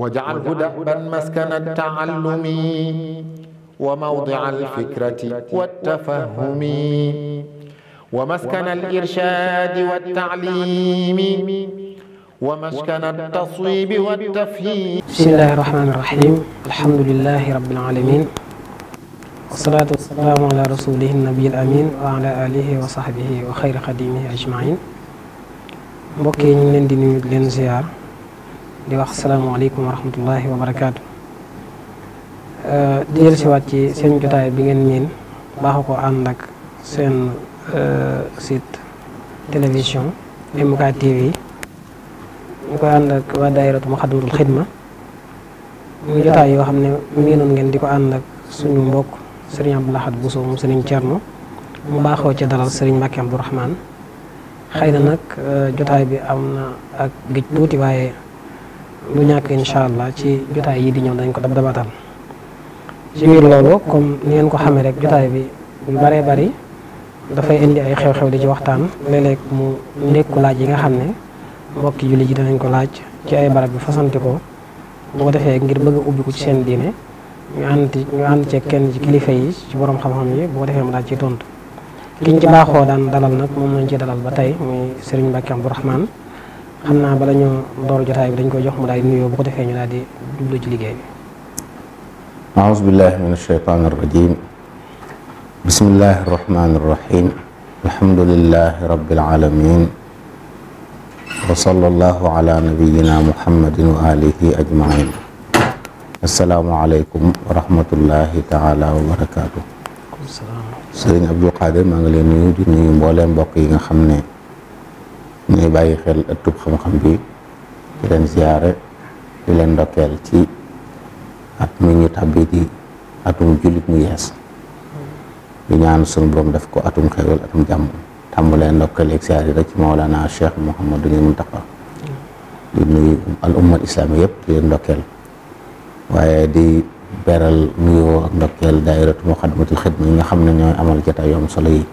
واجعله دأبا مسكن التعلم وموضع الفكرة والتفهم ومسكن الإرشاد والتعليم ومسكن التصويب والتفهيم بسم الله الرحمن الرحيم الحمد لله رب العالمين والصلاة والسلام على رسوله النبي الأمين وعلى آله وصحبه وخير خديمه أجمعين mbokk yi ñu leen di nuyu leen ziar di wax salaamaaleykum wa rahmatullahi wa barakaatu. di jël si waat ci seen jotaay bi ngeen miin baaxu ko àndak seen euh, sit télévision MK TV ñu koy ànd ak jotaay yoo xam ne miinoon ngeen di ko ànd ak suñu mbokk sëriñ Abdou Lahad Bousso moom sëriñ Thierno mu baaxoo ca dalal sëriñ Mbacke Abdourahmane xëy na nag euh, jotaay bi am na ak gij tuuti waaye lu ñàkk incha allah ci jotaay yi di ñëw dañ ko dab dabatal ci biir loolu comme ni ngeen ko xamee rek jotaay bi yu bëree bari dafay indi ay xew-xew di ci waxtaan léeg-léeg mu ndekku laaj yi nga xam ne mbokki julli ji danañ ko laaj ci ay barab bi fasanti ko boo defee ngir bëgg ubbi ko ci seen diine ñu ànd ñu ànd ceeg kenn ci kilifa yi ci borom xam-xam yi boo defee mu daal ciy tontu. kiñ ci baaxoo daan dalal nag moom lañ ci dalal ba tey muy Serigne Mbacke Abdourahmane xam naa bala ñu door jotaay bi dañ koy jox mu daal di nuyoo bu ko defee ñu daal di jublu ci liggéey bi aouzu billahi min ashaytaani arrajim bismillahi arrahmani arrahim alhamdulillahi rabbil alamin wa sallallahu ala nabiyyina muhammadin wa alihi ajmain assalaamu aleykum wa rahmatullahi taala wa barakatuh sëriñ Abdou Khadir maa ngi leen nuyu di nuyu mbooleem mbokk yi nga xam ne ñuy bàyyi xel ëttub xam-xam bi di leen ziyaare di leen ndokkeel ci at mi ñu tàbbi di atum julit mu yees di ñaan sunu borom def ko atum xewal atum jàmm tàmbalee ndokkeel ak ziyaare rek ci Mawlana Cheikh Mouhamadou Mountakha di du al umma islaami yëpp di leen ndokkeel waaye di beral nuyoo ak ndokkeel daayiratu Muxaddamatul Xidma yi nga xam ne ñooy amal jataay yoom solo yi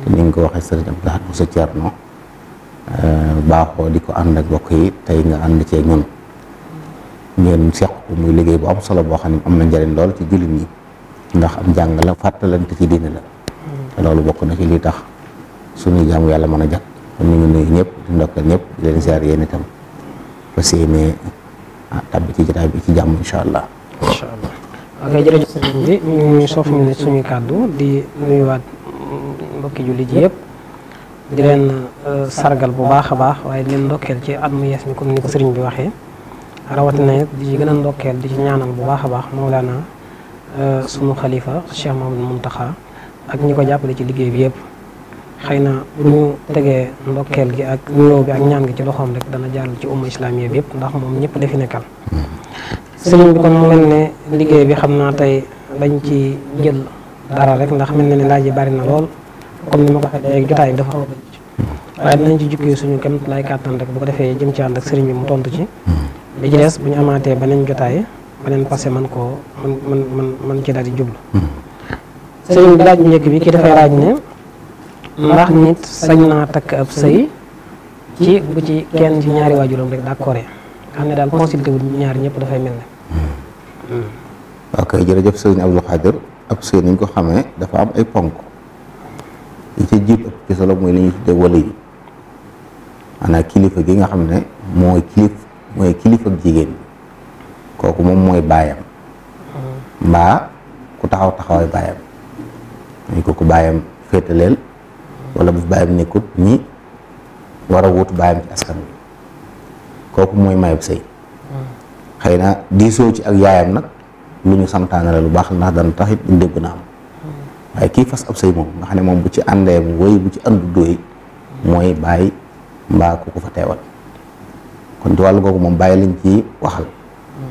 te ni nga ko waxee sëriñ Abdou Lahad bu sa Cerno Euh, baaxoo di ko ànd ak bokk yi tey nga ànd ceeg ñun ngeen seq ko muy liggéey bu am solo boo xam ne am na njariñ lool ci jullit ñi ndax am jàng la fàttalante ci diine la loolu bokk na ci li tax suñu jaamu yàlla mën a jàpp kon ñu ngi nuyu ñëpp di ndokkal ñëpp di leen ziar yéen itam ba séenee ah, tab ci jotaay bi ci jàmm incha allah. incha allah ok jërëjëf sëriñ bi ñu ngi soof kàddu di nuyuwaat mbokki jullit ji yëpp. di leen euh, sargal bu baax a baax waaye di leen ndokkeel ci at mu yees mi comme ni ko sëriñ bi waxee rawatina it di ci gën a ndokkeel di ci ñaanal bu baax a baax Mawlana euh, sunu xalifa Cheikh Mamadou Mountakha ak ñi ko jàppale ci liggéey bi yëpp xëy na bu ñu tegee ndokkeel gi ak nuyoo bi ak ñaan gi ci loxoom rek dana jàll ci umma islamiya bi yëpp ndax moom ñëpp dafi nekkal sëriñ bi kon mu mel ne liggéey bi xam naa tey dañ ci jël dara rek ndax mel na ne laaj yi bari na lool comme ni ma ko waxee léegi jotaay bi dafa xaw a bëri waaye dinañ ci jukkee suñu kem lay kàttan rek boo ko defee jëm ci ànd ak sëriñ bi mu tontu ci li ci bu ñu amaatee beneen jotaay beneen passé man koo man man man man ci daal di jublu sëriñ bi laaj njëkk bi ki dafay raaj ne ma nit sañ naa takk ab sëy ci bu ci kenn ci ñaari waajuram rek d'accord xam ne daal consulté wu ñaar ñëpp dafay mel ne hmm. ok jërëjëf sëriñ Abdou Khadir ab sëy niñ ko xamee dafa am ay ponk li ca jiitu ëpp ci solo mooy li su tuddee wala yi maanaam kilifa gi nga xam ne mooy kilif mooy kilifa jigéen kooku moom mooy baayam hmm. mbaa ku taxaw taxawaay baayam dañ ko ko baayam féetaleel wala bu fi baayam nekkut ñi war a wut baayam ci askan wi kooku mooy mayub sëy hmm. xëy na diisoo ci ak yaayam nag lu ñu santaane la lu baax ndax dana taxit du dégg na am waaye kii fas ab sëy moom nga xam ne moom bu ci àndee woy bu ci àndu dóoy mooy bàyyi mbaa ku ko fa teewal kon ci wàllu googu moom bàyyi lañ ci waxal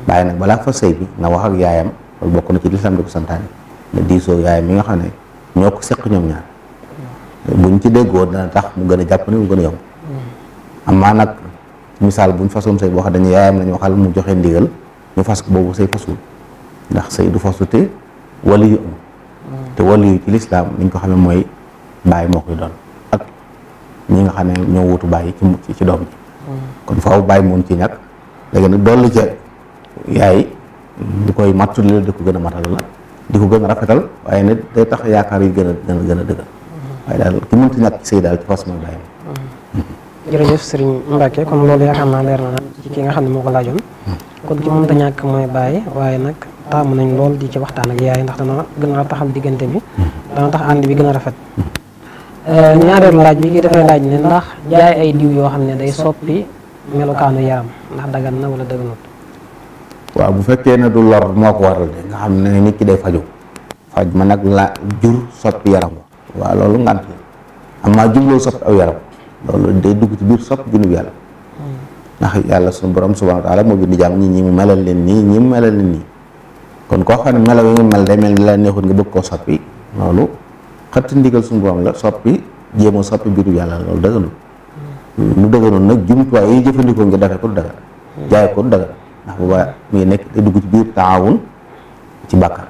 bàyyi nag balaa fas sëy bi na wax ak yaayam loolu bokk na ci lislaam di ko santaane na diisoo yaayam mi nga xam ne ñoo ko seq ñoom ñaar buñ ci déggoo dana tax mu gën a jàpp ne mu gën a yomb amaa nag misaal buñ fasoon sëy boo xam dañu yaayam lañu waxal mu joxe ndigal ñu fas ko boobu sëy fasul ndax sëy du fasute wala am te wàllu yi ci lislaam niñ ko ne mooy bàyyi moo koy doon ak ñi nga xam ne ñoo wutu bàyyi ci ci doom bi mm. kon faaw bàyyi moom ci ñàkk léegi nag dolli ca yaay di koy mattule di ko gën a matal la di ko gën a rafetal waaye ne day tax yaakaar yi gën a gën a gën a dëgër mm. waaye daal ki mënti ñàkk ci sëy daal ci fas mooy bàyyi mm. jërëjëf Serigne naa leer na ci ki nga xam ne moo ko laajoon kon ki waaye nag taamu nañ lool di ci waxtaan ak yaay ndax dana gën a taxal diggante bi dana tax ànd bi gën a rafet euh, ñaareelu laaj bi kii dafay laaj ne ndax jaay ay diw yoo xam ne day soppi melokaanu yaram ndax dagan na wala daganut bu fekkee ne du lor moo ko waral de nga xam ne nit ki day faju faj ma nag la jur soppi yaram waaw loolu ngant la amaa jumloo soppi aw yaram loolu day dugg ci biir sopp junub yàlla hmm. ndax yàlla suñu borom subhanahu wa taala moo bind jaam ñi ñi mu melal leen nii ñi mu melal leen kon koo xam ne melaw yi nga mel day mel ni nga bëgg koo soppi loolu xëtt ndigal suñu borom la soppi jéemoo soppi biiru yàlla loolu dëgganul lu dëganoon nag jumtuwaay yi jëfandikoo nga defee ko du dagan jaay ko du dagan ndax booba ngi nekk dugg ci biir taawun ci bàkkaar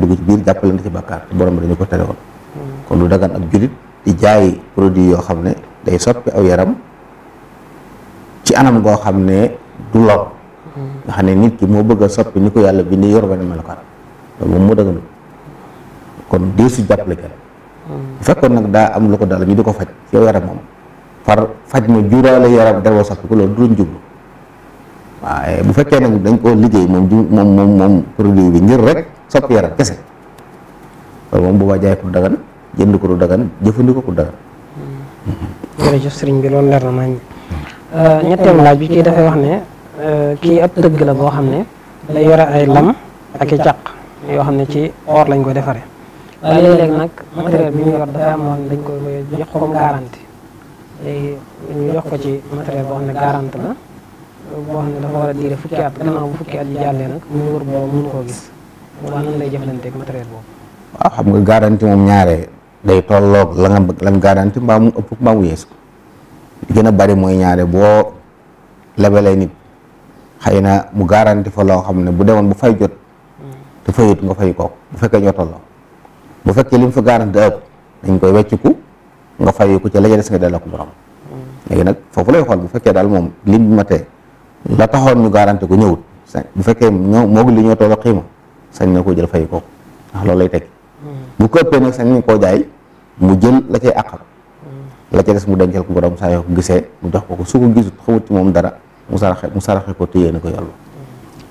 dugg ci biir jàppalante ci bàkkaar borom bi dañu ko tere woon kon du dagan ab julit di jaay produit yoo xam ne day soppi aw yaram ci anam goo xam ne du lor nga nit ki moo bëgg soppi ni ko yàlla bindee yor benn melokaan loolu moom moo dëgg kon dee si jàppale kenn bu fekkoon nag daa am lu ko dal ñu di ko faj yow yaram moom far faj ma juraale yaram dara soppi ko loolu du doon jublu waaye bu fekkee nag dañ koo liggéey moom ju moom moom moom produit bi ngir rek soppi yaram kese loolu moom boobaa jaay ko du dagan jënd ko du dagan jëfandikoo dagan jërëjëf euh, laaj bi kii dafay wax ne Euh, kii ab dëgg la boo xam ne day yore ay lam ak i yoo xam ne ci or lañ ko defare waaye léeg-léeg nag matériel bi ñu dañ ko jox ko garanti léegi ko ci matériel boo xam ne garanti la boo xam ne dafa war a boobu mun nga garanti moom ñaare day tolloog la nga la nga garanti mbaa mu ëpp mbaa mu gën a mooy ñaare boo lebalee nit xëy na mu garanti fa loo xam ne bu demoon bu fay jot te fayut nga fay ko bu fekkee ñoo tolloo bu fekkee li mu fa garanti ëpp dañ koy wecciku nga fay ko ca la des nga delloo ko borom léegi nag foofu bu fekkee daal moom lim bi ma la taxoon ñu garanti ko ñëwut bu fekkee ñoo moog li ñoo tolloo xiima sañ na koo jël fay ko lay teg bu ko ëppee nag sañ jaay mu jël la cay àqam mm. la ca des mu dencal ko borom saa yoo ko gisee mu jox ko ko su ko gisut xamut ci moom dara mu saraxe mu saraxe ko téye na ko yàlla.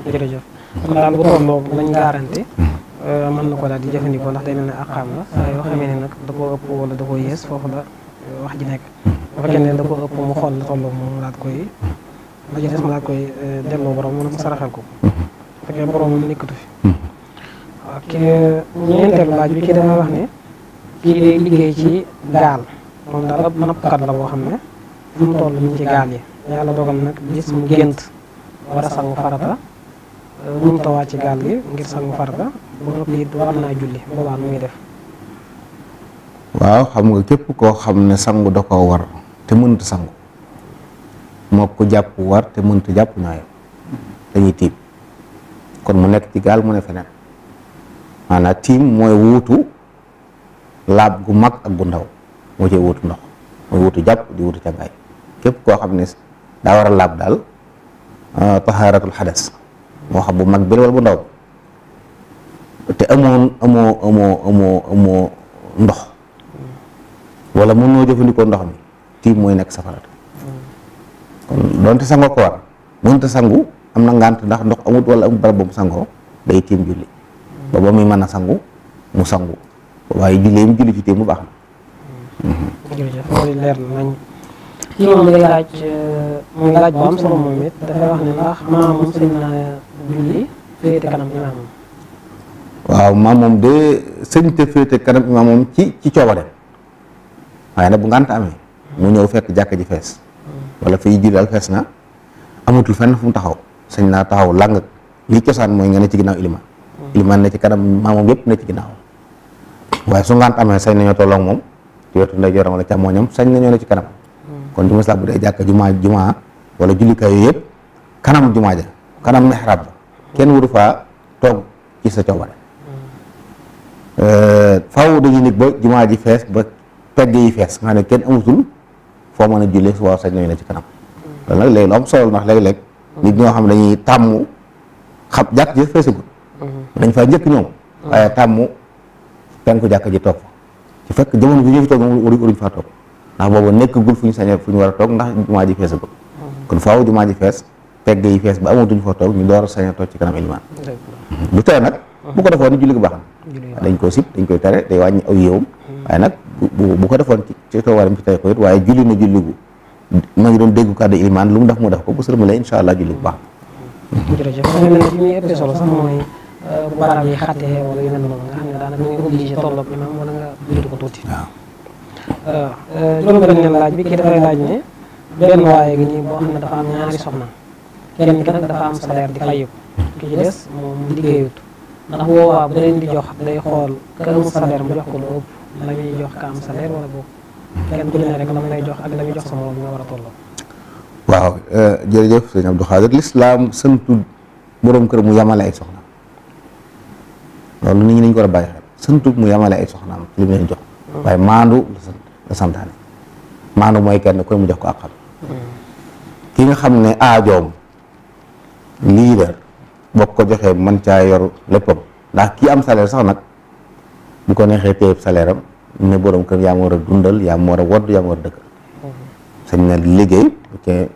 jërëjëf xam naa daal bu tolloo lañ gaarante. Euh, mën na ko daal di jëfandikoo ndax day mel ne xam la saa yoo xamee ne nag da koo ëpp wala da euh, wax ji nekk. bu fekkee ne da koo ëpp mu xool la tolloo mu daal koy la jël des mu daal koy euh, delloo ko. Uhuh. bu fekkee borom nekkatu fi. waaw ki ñeenteelu laaj bi kii dafa wax ne kii day liggéey ci gaal moom daal a nappkat la boo xam ne fi mu toll nii ci gaal yi. yàlla dogal nag gis mu gént sangu farata euh, mënut a wàcc gaal gi képp koo xam ne sangu da koo war te mënut sangu moo ko jàpp war te jàpp ñooy dañuy tiim kon mu nekk ci gaal mu ne feneen maanaam tiim mooy wuutu laab gu mag ak gu ndaw moo cee wuutu ndox mooy wuutu jàpp di wuutu càngaay képp koo xam ne daa war a laab daal ah, tahaaratul xadas moo xam bu mag bi bu ndaw te amoon amoo amoo amoo ndox wala mën noo jëfandikoo ndox mi tiim mooy nekk safarat doonte sangoo ko war mënta sangu am na ngànt ndax ndox amut wala amut barab ba mu sangoo day tiim julli ba ba muy mën a sangu mu sangu waaye julli mu julli ci tiim mu baax na Euh, euh, waaw maam moom de sëñ te féete kanam imaam moom ci ci coobare waaye nag bu ngànt amee mu ñëw fekk jàkk ji fees wala fii ji daal fees na amatul fenn fu mu taxaw sëñ naa taxaw làng lii cosaan mooy nga ne ci ginnaaw ilima ilimaan ne ci kanam maam moom yëpp ne ci ginnaaw waaye su ngànt amee sañ nañoo tolloog moom ci wetu ndeyjooram wala càmmooñam sañ nañoo ne ci kanam kon du maslaa bu dee jàkka jumaa jumaa wala jullikaay yooyu yëpp kanam jumaa ja kanam mexraab ba kenn waru faa toog ci sa coobare euh, faw dañuy nit ba jumaa ji fees ba pegg yi fees nga xam ne kenn amatul foo mën a jullee su waaw sañ nañu la ci kanam loolu nag léegi lu solo ndax léeg-léeg nit ñoo xam dañuy tàmm xam jàkk ji feesagul mm-hmm. dañ faa njëkk ñoom waaye tàmm penku jàkk ji toog fa ci fekk jamono bi ñu fi toog moom waruñ faa toog ndax boobu nekkagul fu ñu sañee fu ñu war a toog ndax jumaa ji feesagul kon faaw jumaa ji fees pegg yi fees ba amatuñ fa toog ñu door a sañee toog ci kanam ilimaan du tere nag bu ko defoon ni julli gu baax na dañ koy tere day wàññi aw yéewum mm. waaye nag bu ko defoon ci toogaram ci tey ko waaye julli na julli gu ma ngi doon dégg kàddu ilimaan lu mu def mu def ko bu sërmale insha allah julli gu baax jërëjëf mel na euh, ci muy ëpp waaw juróom-benneel laaj bi kii dafay laaj ne benn waaye gi nii boo xam ne dafa am ñaari soxna kenn dafa am salaire di fayu ki ci des moom liggéeyut ndax boobaa bu leen di jox day xool ka am salaire mu jox ko lu jox ka am salaire wala boobu kenn ku ne rek la mu lay jox ak la muy jox waaw euh, jërëjëf sëñ Abdou Khadir lislaam santu borom kër mu yamale ay soxnaam loolu nit ñi dañu ko war a bàyyi xel santu mu yamale ay soxnaam li mu leen jox. Mm. waaye maandu la sant la santaane maanu mooy kenn koy mu jox ko àqam ki nga xam ne aajoom leader boo ko joxee man caa yor léppam ndax kii am salaire sax nag mu ko neexee téyeb salaire am ne borom kër yaa ma war a dundal yaa ma war sañ na liggéey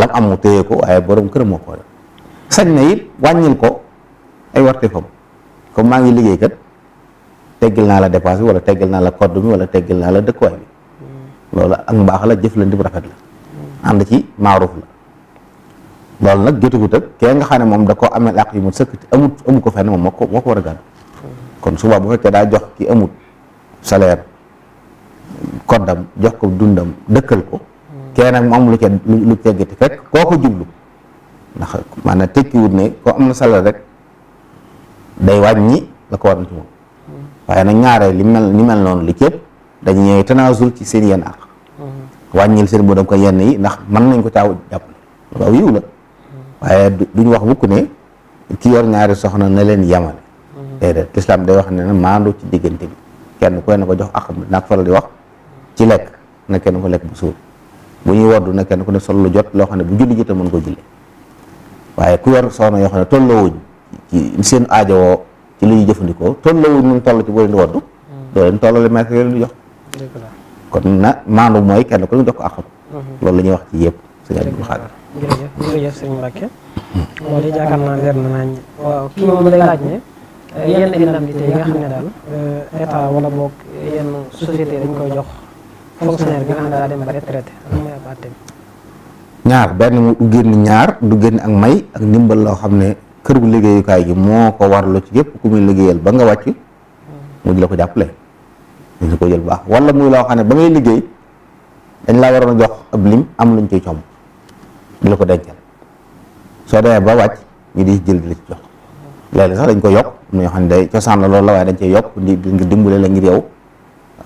lam am mu téye ko waaye borom kër moo ko sañ na it wàññil ko ay warteefam comme maa ngi liggéey kat teggal naa la dépense bi wala teggal naa la code bi wala teggal naa la dëkkuwaay bi mm. loolu ak mbaax la jëflante bu rafet la mm. ànd ci maaruf la loolu nag jotagut ak kee nga xam ne moom da koo amel àq yu mu sëkk amut amu ko fenn moom moo ko war a gàddu mm. kon suba bu fekkee daa jox ki amut salaire koddam jox ko dundam dëkkal ko kee nag mu am lu ca lu teggati fekk koo ko jublu ndax maanaam tekkiwut ne ko am na salaire rek day wàññi la ko war na ci moom waaye nag ñaare li mel ni mel noonu li cëpp dañ ñëw tanaasul ci seen yenn ak mm-hmm. wàññil seen boo dem ko yenn yi ndax mën nañ ko caaw jàpp waaw yiw la mm-hmm. waaye duñ wax mukk ne ki yor ñaari soxna na leen yemale mm-hmm. déedéet islam day wax ne na maandu ci diggante bi kenn ku na ko jox ak naag faral di wax ci lekk na kenn ko lekk bu suur bu ñuy woddu na kenn ku ne sol lu jot loo xam ne bu julli jotee mën ko julli waaye ku yor soxna yoo xam ne tolloo ci seen aajowoo ci li ñuy jëfandikoo tolloowuñ nun toll ci boo leen di waddu doo mm. tollale maak yoo leen jox kon na maandu mooy kenn ku ñu jox ko ak mm-hmm. loolu la ñuy wax ci yëpp sëñ Abdou Khadre jërëjëf jërëjëf eh, eh, ñaar benn mu du génn ñaar du génn ak may ak ndimbal loo xam ne kër liggéeyukaay gi moo ko warlu ci yépp ku muy liggéeyal ba nga wàcc mu di la ko jàppale dañ la ko baax wala muy loo xam ne ba ngay liggéey dañ la waroon a jox ab lim am lañ koy comm di la ko dencal soo demee ba wàcc ñu di jël di la ci jox léeg sax dañ ko yokk am na yoo xam ne day cosaan la loolu la waaye dañ cee yokk di ngir dimbale la ngir yow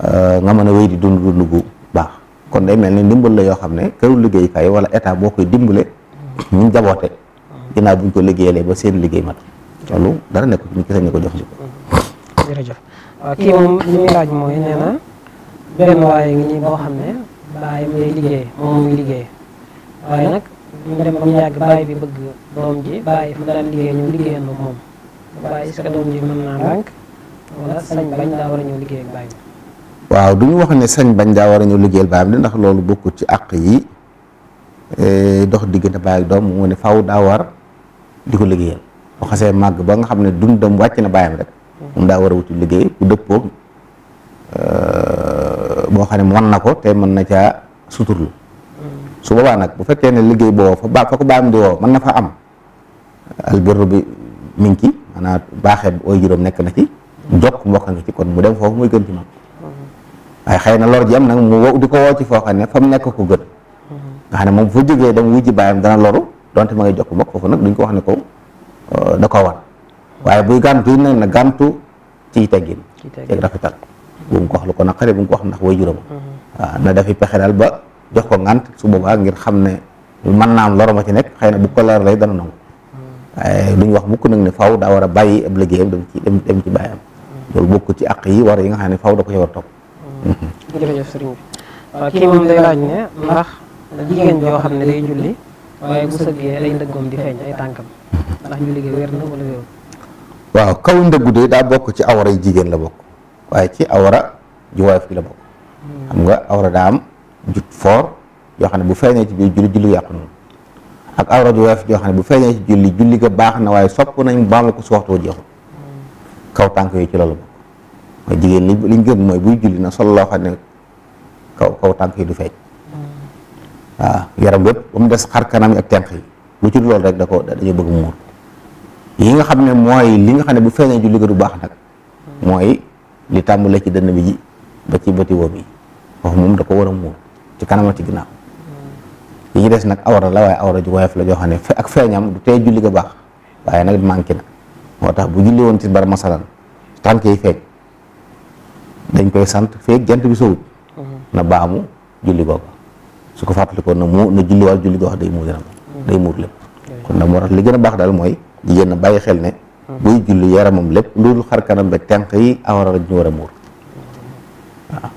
euh, nga mën a wéy di dund dund gu baax kon day mel ni ndimbal la yoo xam ne këru liggéeyukaay wala état boo koy dimbale ñu mm. jaboote ginnaaw bu ko liggéeyalee ba seen liggéey mat loolu dara nekk nit ki sañ na ko jox jikko jërëjëf waaw kii moom li muy laaj mooy nee na benn waaye ngi nii boo xam ne bàyyi bi bëgg doom ji bàyyi fa daan liggéey ñëw liggéeyandoo wax ne bañ daa war a ñëw liggéeyal baayam di ndax loolu bokkul ci àq yi eh, dox diggante baay ak doom mu ne faw daa war di ko liggéeyal bu xasee màgg ba nga xam ne dundam wàcc na bàyyam rek moom daa war a wuti liggéey bu dëppoo euh, boo xam ne mën na ko te mën na caa suturlu su boobaa nag bu fekkee ne liggéey boo fa ba fa ko baam di woo mën na fa am albirru bi mi ci maanaam baaxee ooy juróom nekk na ci jokk mbokk nga ci kon mu dem foofu muy gën ci moom waaye xëy na lor ji am nag mu di ko woo ci foo xam ne fa mu nekk ko gën nga xam ne moom bu jógee dem wuji bàyyam dana donte ma ngay jokk bokk foofu nag duñ ko wax ne ko euh, da koo war waaye buy gàntu nag na gàntu ci teggin ceeg rafetal bu mu ko wax lu ko naqare bu mu ko wax ndax way juróoma mhm. ah, waaw na dafi pexe daal ba jox ko ngànt su boobaa ngir xam ne mën naa am nekk xëy na bu ko lor lay dana nangu mhm. waaye duñ wax mukk nag ne faw daa war a bàyyi ab liggéeyam dem ci dem dem ci bàyyam mhm. loolu bokk ci àq yi war yi nga xam ne faw da ko ci war a topp jërëjëf sëriñ waaye bu waaw kaw ndëggu de daa bokk ci awara yi jigéen la bokk waaye ci awara ju woyof gi la bokk hmm. xam nga awra daa am jut foor yoo xam ne bu feeñee ci biir julli julli yàqu xam ne bu feeñee ci julli julli baax na waaye sopp nañ baamu ko su waxtu jeexul hmm. kaw tànk yooyu ci loolu bokk jigéen li liñ gën mooy buy julli na solo loo xam ne kaw kaw tànk yi du feeñ waa yaram bépp ba mu des xar kanam yi ak tenq yi bu ci loolu rek da ko dañoo bëgg muur yi nga xam ne mooy li nga xam ne bu feeñee julli ga du baax nag mooy li tàmbale ci dënn bi ji ba ci bëti woom yi foofu moom da ko war a muur ci kanam ci ginnaaw yi ñu des nag awra la waaye awra ju woyof la joo xam ne ak feeñam du tee julli ga baax waaye nag manqué na moo tax bu julli woon ci bar masalan tànk yi feeñ dañ koy sant feeg jant bi sowut mhm. na baamu julli googu su ko fàttalikoo na mu na julliwaat julli goo xam day muur yaram day muur lépp kon nag moo tax li gën a baax daal mooy jigéen na bàyyi xel ne buy julli yaramam lépp loolu xar kanam beeg tenq yi awara a muur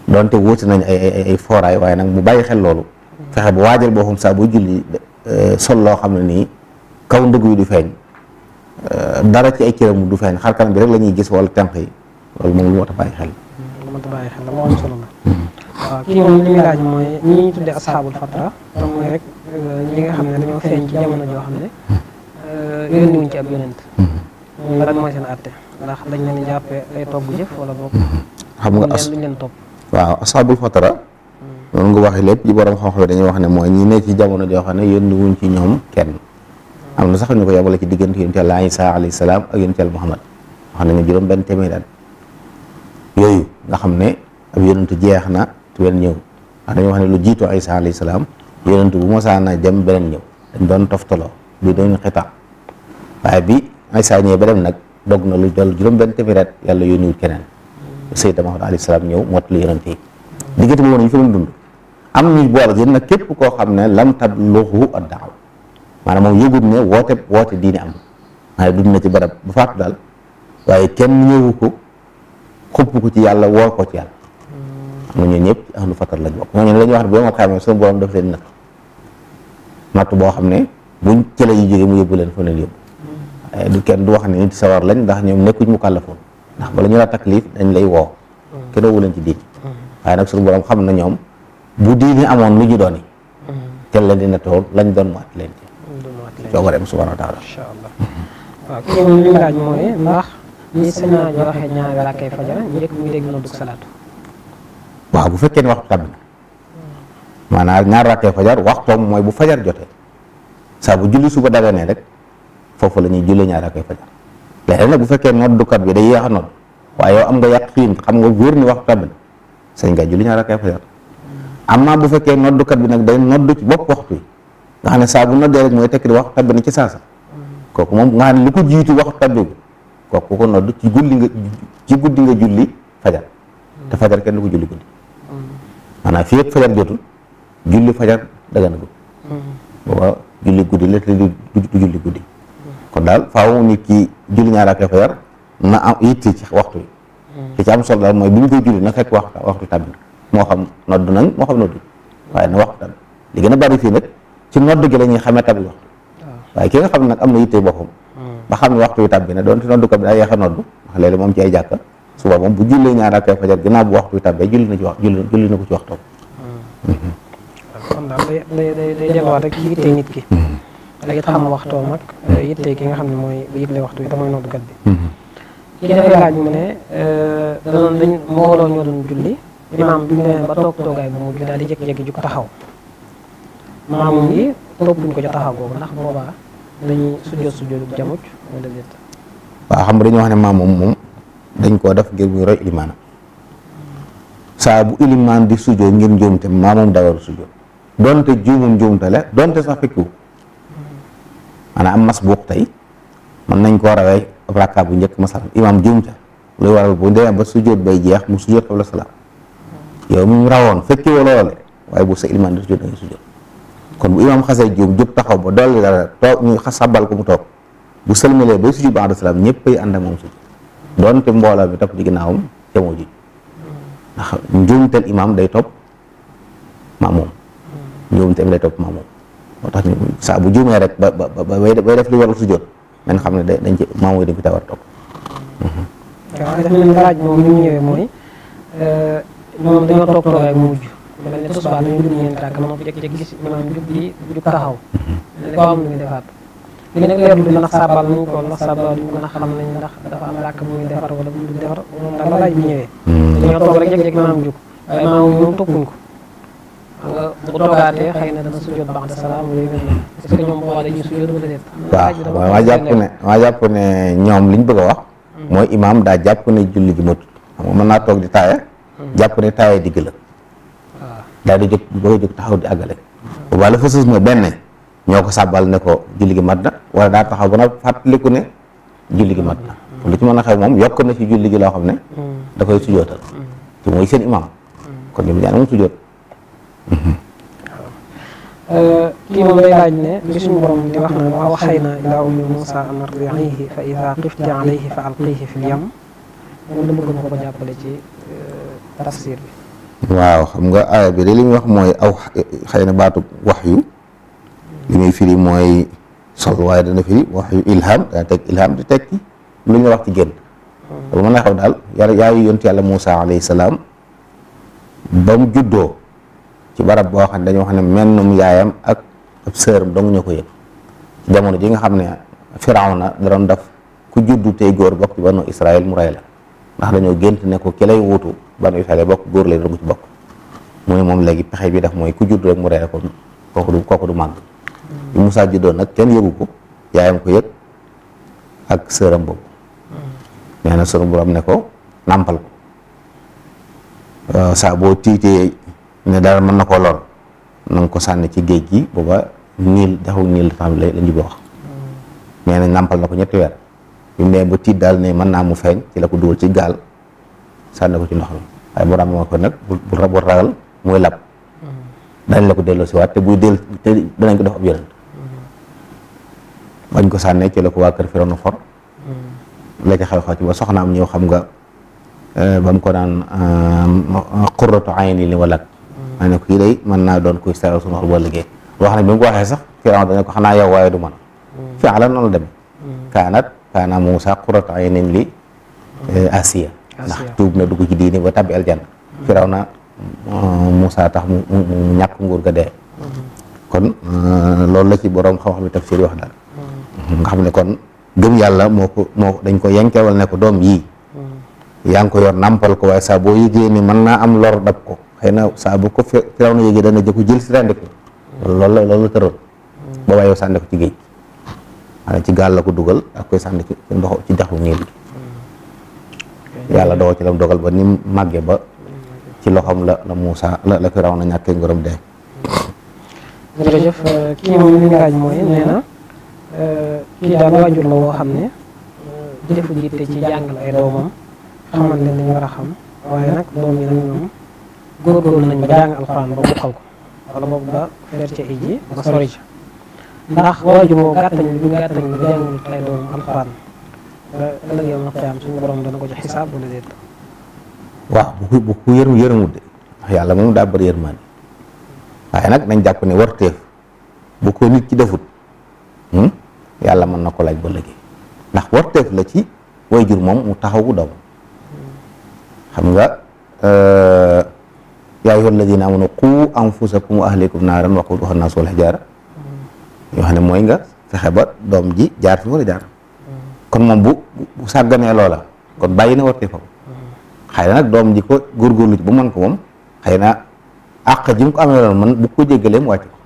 donte wóote nañ ay fooraay waaye nag mu bàyyi xel loolu fexe bu waajal boo xam saa buy julli eh, sol loo xam ne nii kaw ndëgg yu du feeñ eh, dara ci ay cëram du feeñ xar kanam bi rek la ñuy gis wala tenq yi loolu moom lu mat a bàyyi xel waaw euh, kii moom li mooy ñi ñu tuddee asxaabul fatra euh, nga xam ne dañoo feeñ ci jamono joo xam ne euh, yónni mooy seen atte ndax dañ leen jàppee mhm. nga as luñ leen topp waaw asxaabul fatra hmm. noonu nga waxee lépp ci borom xam-xam dañuy wax ne mooy ñi ne ci jamono joo xam ne yónni wuñ ci ñoom kenn am na sax ñu ko yemale ci diggante yonent Yàlla Isaa alayhi ak yonent Yàlla Muhammad wax nañu juróom benn téeméer at yooyu nga xam ne ab yonent jeex na wel ñëw wax ne lu jiitu Isa alayhi salaam yonent bu mosaan a dem beneen ñëw dañ doon toftaloo bi doon xita waaye bi Isa ñëw ba dem nag dog na lu dal juróom benn téeméeri at yàlla yónniwul keneen Seydina Muhammad alayhi salaam ñëw mottali yonent yi diggante boobu nañu fa doon am ñu boole yéen nag képp koo xam ne lam tabluhu moom waaye dund na ci barab bu faatu daal waaye kenn ñëwu ko xupp ko ci yàlla woo ko ci yàlla mu ñu ñëpp ahlu fatar lañ bokk ñooñu la ñuy wax ne bu yomal xayma suñu borom daf leen natt natt boo xam ne buñ ci la ñu jógee mu yóbbu leen fa leen yóbbu eh, du kenn du wax ne nit sawar lañ ndax ñoom nekkuñ mu kàllafoon ndax bala ñu la taklif dañ lay woo kenn woo leen ci diin waaye nag suñu borom xam na ñoom bu diini amoon lu ñu dooni tel la di nattoo lañ doon mat leen ci coobareem subhaanahu wa taala waaw bu fekkee ne waxtu tàbbi na maanaam ñaar rakkee fajar waxtoom mooy bu fajar jotee saa bu julli suba daganee rek foofu la ñuy jullee ñaar rakkee fajar léeg-léeg bu fekkee noddukat bi day yéex a nodd waaye yow am nga yaqiin xam nga wóor ni waxtu tàbbi na sañ nga julli ñaar rakkee fajar bu fekkee noddukat bi nag day noddu ci bopp waxtu yi nga xam ne saa bu noddee rek mooy tekki di waxtu tàbbi na ci saasa kooku moom nga xam ne lu ko jiitu waxtu tàbbi kooku ko nodd ci guddi nga ci guddi nga julli fajar te fajar kenn du ko julli guddi maanaam fii ak fajar jotul julli fajar daganagul booba julli guddi la julli guddi kon daal faaw nit ki julli ñaar ak fajar na am yitte ci waxtu bi te ci am solo daal mooy bi ñu koy julli na fekk waxtu waxtu tàbbi moo xam nodd nañ moo xam nodd waaye na waxtu tàbbi li gën a bari fii nag ci nodd gi la ñuy xamee tàbbi waxtu waaye ki nga xam nag am na yitte boppam mm. ba xam ne waxtu tàbbi na doon ci nodd ko bi daa yeex a nodd wax léegi moom ci ay jàkka suba moom bu jullee ñaar rakkay fajar ginnaaw bu waxtu tàbbee julli day day delluwaat rek ci yitte nit ki. ak mhm. it xam waxtoom ak yitte ki nga xam ne mooy yëgle waxtu bi te mooy noddukat bi. Mhm. ki dafay laaj mu ne euh, danoon dañ mbooloo di jékki-jékki jug taxaw maamum yi toppuñ ko ca taxaw boobu ndax boobaa dañuy sujjoot sujjoot jamuj wala xam nga dañoo wax ne maamum moom. dañ koo def ngir muy roy ilimaanam saa bu ilimaan di sujoo ngir njuumte maa moom daa war a sujoo donte juumam njuumte la donte sax fekkiwu maanaam masbuuq tey mën nañ koo rawee rakka bu njëkk masalan imaam juumte luy waral bu dee ba sujjóot bay jeex mu sujjóot qabla salaam yow mu rawoon fekkee loole waaye bu sa ilimaan di sujjóot kon bu imaam xasee juum jub taxaw ba dolli dara toog ñu xasabal ko mu toog bu sëlmalee bay sujjóot ba ànd salaam ñëpp ay ànd ak moom doonte mbooloo bi topp ci ginnaawam jamoo ji ndax njuumteel imaam day topp maamoom njuumteel day topp maamoom moo tax ñu bu juumee rek ba ba ba bay def li warul su jot xam ne da ci maamoo dañ ko tawar topp. waaw dafa mel ni laaj moom ni mu ñëwee mooy euh, ñoom mu mujj lu taxaw. Mm-hmm. léegi nag leer bi ndax sabal nañ daal la laaj bi ñëwee. dañoo toog maa jàpp ne maa jàpp ne ñoom li bëgg a wax. Hmm. mooy imaam daa jàpp ne julli gi matut xam nga naa toog di taaya. Hmm. jàpp ne taaya digg la. waaw ah. daal di jóg booy jóg taxaw di àggale. Hmm. bu baax fa suus mooy benn ñoo ko sàbbal ne ko julli gi mat na wala daa taxaw ba na fàttaliku ne julli gi mat na mm. lu ci mën a xew moom yokk na ci julli gi loo xam ne mm. da koy mm. mm-hmm. euh, kii moom day laaj ne li suñu borom di na ilaa bëgg na ko jàppale ci euh, tafsir bi waaw xam nga aaya bi de li muy wax mooy aw xëy na baatu wax yu li muy firi mooy sol waaye dana firi wax yu ilham dana teg ilham di teg lu ñu wax ci génn ba hmm. mën naa xaw daal yàlla yaayu yontu yàlla Moussa alayhi salaam ba mu juddoo ci barab boo xam ne dañoo wax ne mennum yaayam ak ab sëram dong ñu ko yëg jamono ji nga xam ne Firawna na doon def ku juddu tey góor bokk ci banu Israël mu rey la ndax dañoo gént ne ko ki lay ba banu Israël bokk góor lay doon ci bokk mu ne moom léegi pexe bi daf mooy ku juddu rek ko kooku du du màgg bi Moussa juddoo nag kenn yëgu ko yaayam ko yëg ak sëram boobu hmm. nee na sunu borom na ko nàmpal ko euh, saa boo tiitee ne dara mën na koo lor na ko sànni ci géej gi booba niil dexu niil tam la la njuboo wax hmm. nee na nàmpal na ko ñetti weer bi mu ba tiit daal ne mën naa mu feeñ ci la ko dugal ci gaal sànni ko ci ndox mi waaye borom moo ko nag bu ragal mooy lab hmm. dañ la ko delloo si waat te buy del te danañ ko dox ab yonent bañ ko sànnee ci la ko waa kër Firawna for mm. la ca xew xew ci ba soxnaam ñëw xam nga eh, ba ko naan eh, qurratu ayni li walak mm. ma ne kii day mën naa doon kuy saral suñu xol boo liggéey wax na bi ko waxee sax Firawna dañ ko xanaa yow waaye du man fi ala noonu la demee mm. kaanat kaana Muusa qurratu aynin li eh, Asiya ndax tuub na dugg ci diini ba tabbi aljanna Firawna Muusa tax mu ñàkk nguur ga dee kon loolu la ci borom xam-xam yi tafsir wax daal nga xam ne kon gëm yàlla moo ko moo dañ ko yenkewal ne ko doom yii mm. yaa ngi ko yor nàmpal ko waaye saa boo mën naa am lor dab ko xëy na saa ko firaw na yëgee dana jëkku jël si rendi ko mm. loolu la loolu la tëral mm. boobaa yow sànni ko ci géej maanaam ci gaal la ko dugal ak koy sànni ci ndox ci dexu niil bi yàlla dogal ci lam dogal ba ni màggee ba ci loxoom la la Moussa la la firaw euh, na ñàkkee ngorom dee kii daal waajur la woo xam ne jëfu jiite ci jàngal ay doomam xamal leen li ñu war a xam waaye nag doom yi nag ñoom góorgóorlu nañ ba jàng alxuraan ba bokkal ko wala boobu na xiyaam suñu borom dana ko ci xisaab bu la déet waaw yàlla moom daa bëri nag nañ jàpp ne warteef bu ko nit ci defut hmm, yàlla mën na ko laaj ba léegi ndax warteef la ci wayjur moom mu taxawu doom xam nga euh, yaa ayyuha alladina amanu qu anfusakum wa ahlikum naaran waquduha naasu wal hijaara yoo xam ne mooy nga fexe ba doom ji jaar fi war a jaar kon moom bu bu sàgganee kon bàyyi na warteefam xëy na nag doom ji ko góorgóorlu ci ba mën ko moom xëy na àq ji mu ko amee man bu ko mu wàcc ko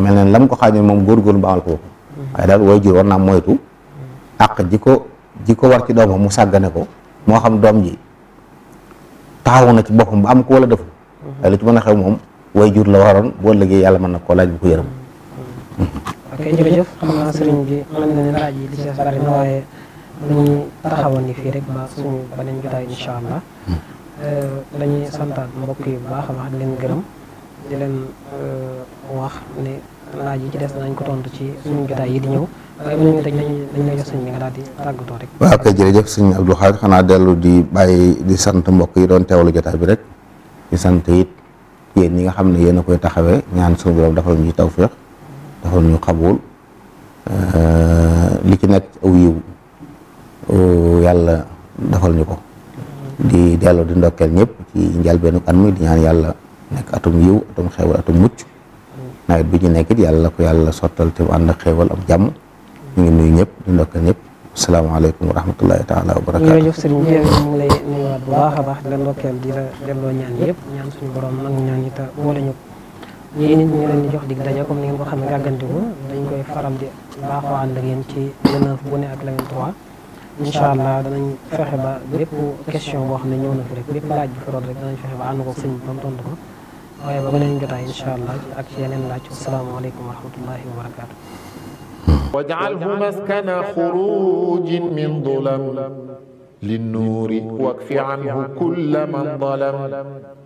ndax na ko xaañoon moom góorgóorlu ba ko waaye daal way jur war naa moytu àq ji ko ji ko war ci doomam mu sàggane ko moo xam doom ji taxaw na ci boppam ba am ko wala defu mm-hmm. waaye lu ci moom way jur la waroon boo liggéey yàlla mën na koo laaj bu ko yërëm mm-hmm. ok jërëjëf xam naa sëriñ bi mën nañu yi fii rek ba suñu beneen jotaay incha allah mm-hmm. euh, dañuy santaat mbokk baax a baax di leen gërëm di leen euh, wax ne laaj yi ci des nañ ko tontu ci suñu jotaay di ñëw waaye xanaa dellu di bàyyi di sant mbokk yi doon teewlu jotaay bi rek di sant it yéen ñi nga xam ne yéen a koy taxawee ñaan suñu borom defal ñu tawféex defal ñu xabul li ci nekk aw yiw yàlla defal ñu ko. di delloo di ndokkeel ñëpp ci njëlbeenu at mi di ñaan yàlla nekk atum yiw atum xewal atum mucc. nawet bi ñu nekk it yàlla ko yàlla sottal te mu ànd ak xéewal ak jàmm ñu ngi nuyu ñëpp di ndokkal ñëpp asalaamaaleykum wa rahmatullahi taala wa barakaatu. jërëjëf sëriñ bi ñu ngi lay baax a baax di la ndokkeel di la delloo ñaan yëpp ñaan suñu borom nag ñaan ñi te boole ñu ñii nit ñu leen di jox dig daje comme ni ngeen ko xam ne gàggantiku dañ koy faral di baaxoo ànd ak yéen ci le 9 bu ne ak le 23 incha allah danañ fexe ba bépp question boo xam ne ñëw na fi rek bépp laaj bi fi root rek danañ fexe ba ànd ko sëñ bi tontu ko waaye ba beneen jotaay incha allah ak yeneen laaj asalaamaaleykum wa rahmatullahi wa barakaatu. waj'alhu maskana xurujin min dulam linnuuri wakfi anhu kulla man dalam